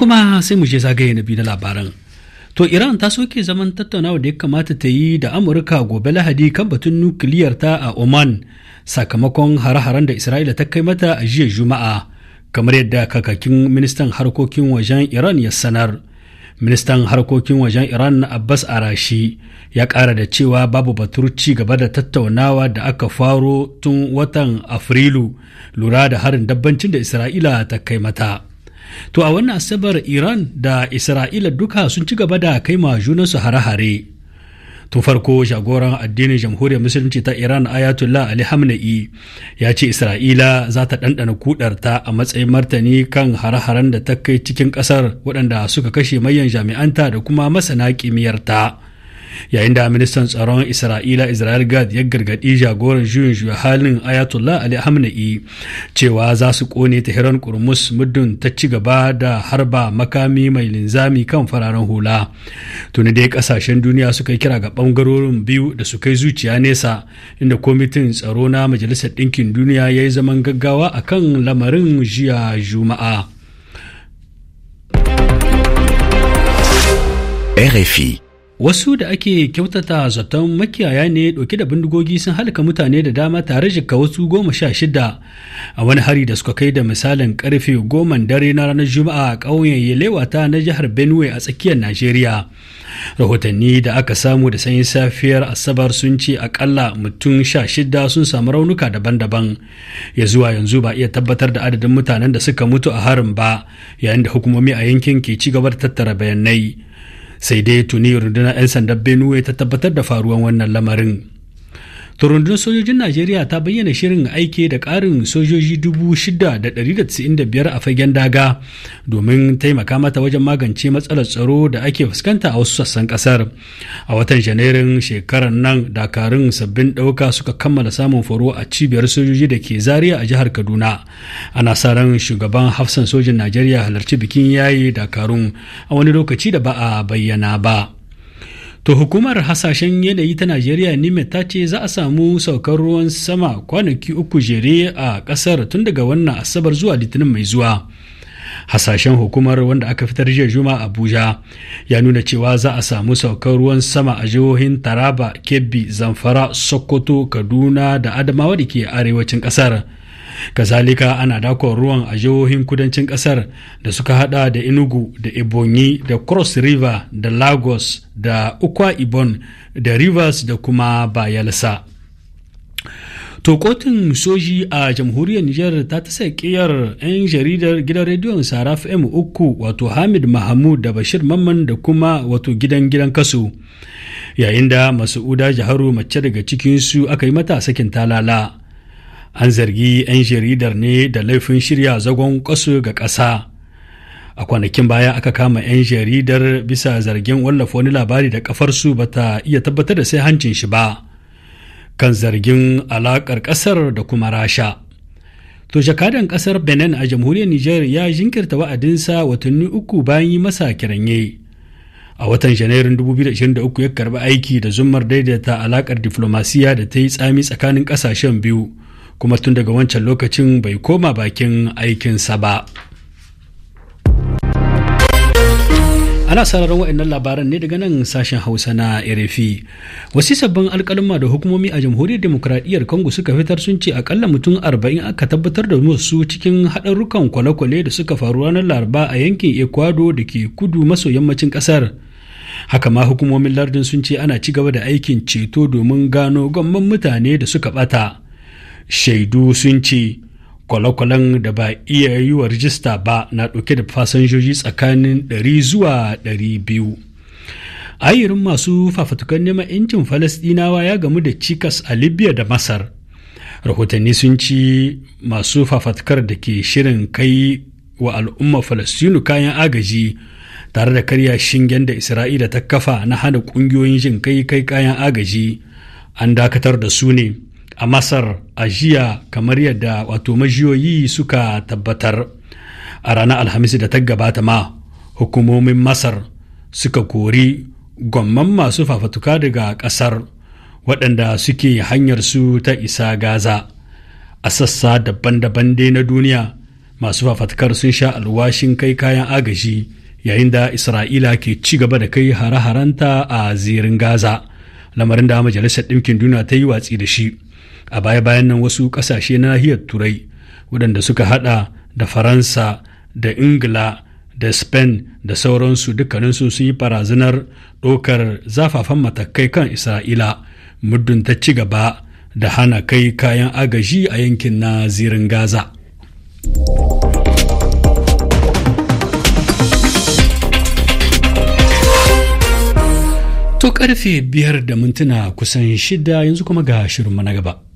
kuma sai mu je zagaye na biyu na labaran. To Iran ta soke zaman tattaunawa da ya kamata ta yi da Amurka gobe Lahadi kan batun nukiliyar ta a Oman sakamakon hare-haren da Isra'ila ta kai mata a jiya Juma'a kamar yadda kakakin ministan harkokin wajen Iran ya sanar. Ministan harkokin wajen Iran na Abbas Arashi ya kara da cewa babu batur ci gaba da tattaunawa da aka faro tun watan Afrilu lura da harin dabbancin da Isra'ila ta kai mata. to a wannan asabar iran da isra'ila duka sun ci gaba da kai ma junansu hare-hare tun farko jagoran addinin jamhuriyar musulunci ta iran ayatollah ali hamna'i ya ce isra'ila za ta ɗanɗana kudarta a matsayin martani kan hare-haren da ta kai cikin ƙasar waɗanda suka kashe manyan jami'anta da kuma masana kimiyyarta. yayin da ministan tsaron isra'ila israel gad ya gargadi jagoran juyin juya halin ayatollah ali hamna'i cewa za su kone hiran kurmus muddin ta ci gaba da harba makami mai linzami kan fararen hula tuni dai kasashen duniya suka yi kira ga bangarorin biyu da su kai zuciya nesa inda kwamitin tsaro na majalisar ɗinkin duniya ya yi zaman gaggawa a kan lamarin jiya juma'a RFI wasu da ake kyautata zaton makiyaya ne ɗauke da bindigogi sun halaka mutane da dama tare jikka wasu goma sha shida a wani hari da suka kai da misalin karfe goman dare na ranar juma'a a ƙauyen yelewata na jihar benue a tsakiyar najeriya rahotanni da aka samu da sanyin safiyar asabar sun ce akalla mutum sha shida sun samu raunuka daban-daban ya zuwa yanzu ba iya tabbatar da adadin mutanen da suka mutu a harin ba yayin da hukumomi a yankin ke ci gaba da tattara bayanai sai dai tuni rundunar 'yan sandan benue ta tabbatar da faruwan wannan lamarin Turundun sojojin Najeriya ta bayyana shirin aiki da ƙarin sojoji biyar a fagen daga domin taimaka mata wajen magance matsalar tsaro da ake fuskanta a wasu sassan ƙasar. A watan Janairun shekarar nan dakarun sabbin ɗauka suka kammala samun foro a cibiyar sojoji da ke Zaria a jihar Kaduna. Ana sa ran shugaban hafsan sojin Najeriya halarci bikin yayi dakarun a wani lokaci da ba a bayyana ba. To hukumar hasashen yanayi ta Najeriya Nimet ta ce za a samu saukar ruwan sama kwanaki uku jere a ƙasar tun daga wannan asabar zuwa litinin mai zuwa. Hasashen hukumar wanda aka fitar jiya juma Abuja ya nuna cewa za a samu saukar ruwan sama a jihohin Taraba, Kebbi, Zamfara, Sokoto, Kaduna da Adamawa da ke arewacin ƙasar. kazalika ana dakon ruwan a jihohin kudancin kasar da suka hada da enugu da ebonyi da cross river da lagos da ukwa ibon da rivers da kuma bayelsa to kotun soji a jamhuriyar niger ta ta ƙiyar 'yan jaridar gidan rediyon saraf m uku wato hamid mahamud da bashir mamman da kuma wato gidan gidan kaso yayin da masu'uda jaharu mace daga cikinsu aka yi mata sakin talala an zargi 'yan jaridar ne da laifin shirya zagon ƙasu ga ƙasa a kwanakin baya aka kama 'yan jaridar bisa zargin wallafa wani labari da kafarsu ba ta iya tabbatar da sai hancin shi ba kan zargin alaƙar ƙasar da kuma rasha to jakadan ƙasar benin a jamhuriyar niger ya jinkirta wa'adinsa watanni uku bayan yi masa kiranye a watan janairun 2023 ya karbi aiki da zumar daidaita alakar diflomasiya da ta yi tsami tsakanin kasashen biyu kuma tun daga wancan lokacin bai koma bakin aikinsa ba ana sararin wa'annan labaran ne daga nan sashen hausa na rfi wasu sabbin alkalma da hukumomi a jamhuriyar demokuraɗiyyar congo suka fitar sun ce akalla mutum arba'in aka tabbatar da su cikin haɗarukan kwale-kwale da suka faru ranar laraba a yankin ecuador da ke kudu maso yammacin ƙasar haka ma hukumomin lardin sun ce ana ci gaba da aikin ceto domin gano gwamman mutane da suka ɓata shaidu sun ce kwale-kwalen da ba iya yi wa rijista ba na ɗauke da fasinjoji tsakanin 100 zuwa 200 ayirin masu fafatukan neman 'yancin falasɗinawa ya gamu da cikas a libya da masar rahotanni sun ci masu fafatukar da ke shirin kai wa al'umma falastinu kayan agaji tare da karya shingen da isra'ila ta kafa na hana ƙungiyoyin jin kai kai kayan agaji an dakatar da su ne a Masar a jiya kamar yadda wato majiyoyi suka tabbatar a ranar Alhamis da ta gabata ma hukumomin Masar suka kori gwamman masu fafatuka daga ƙasar waɗanda suke hanyar su ta isa Gaza a sassa daban-daban dai na duniya masu fafatukar sun sha alwashin kai kayan agaji yayin da Isra'ila ke ci gaba da kai hare-harenta a zirin Gaza lamarin da Majalisar Ɗinkin Duniya ta yi watsi da shi. a baya-bayan nan wasu kasashe nahiyar turai waɗanda suka hada da faransa da ingila da spain da sauransu dukkaninsu sun yi barazanar dokar zafafan matakai kan isra'ila muddin ta ci gaba da hana kai kayan agaji a yankin na zirin gaza to karfe biyar da mintuna kusan shida yanzu kuma ga shirin na gaba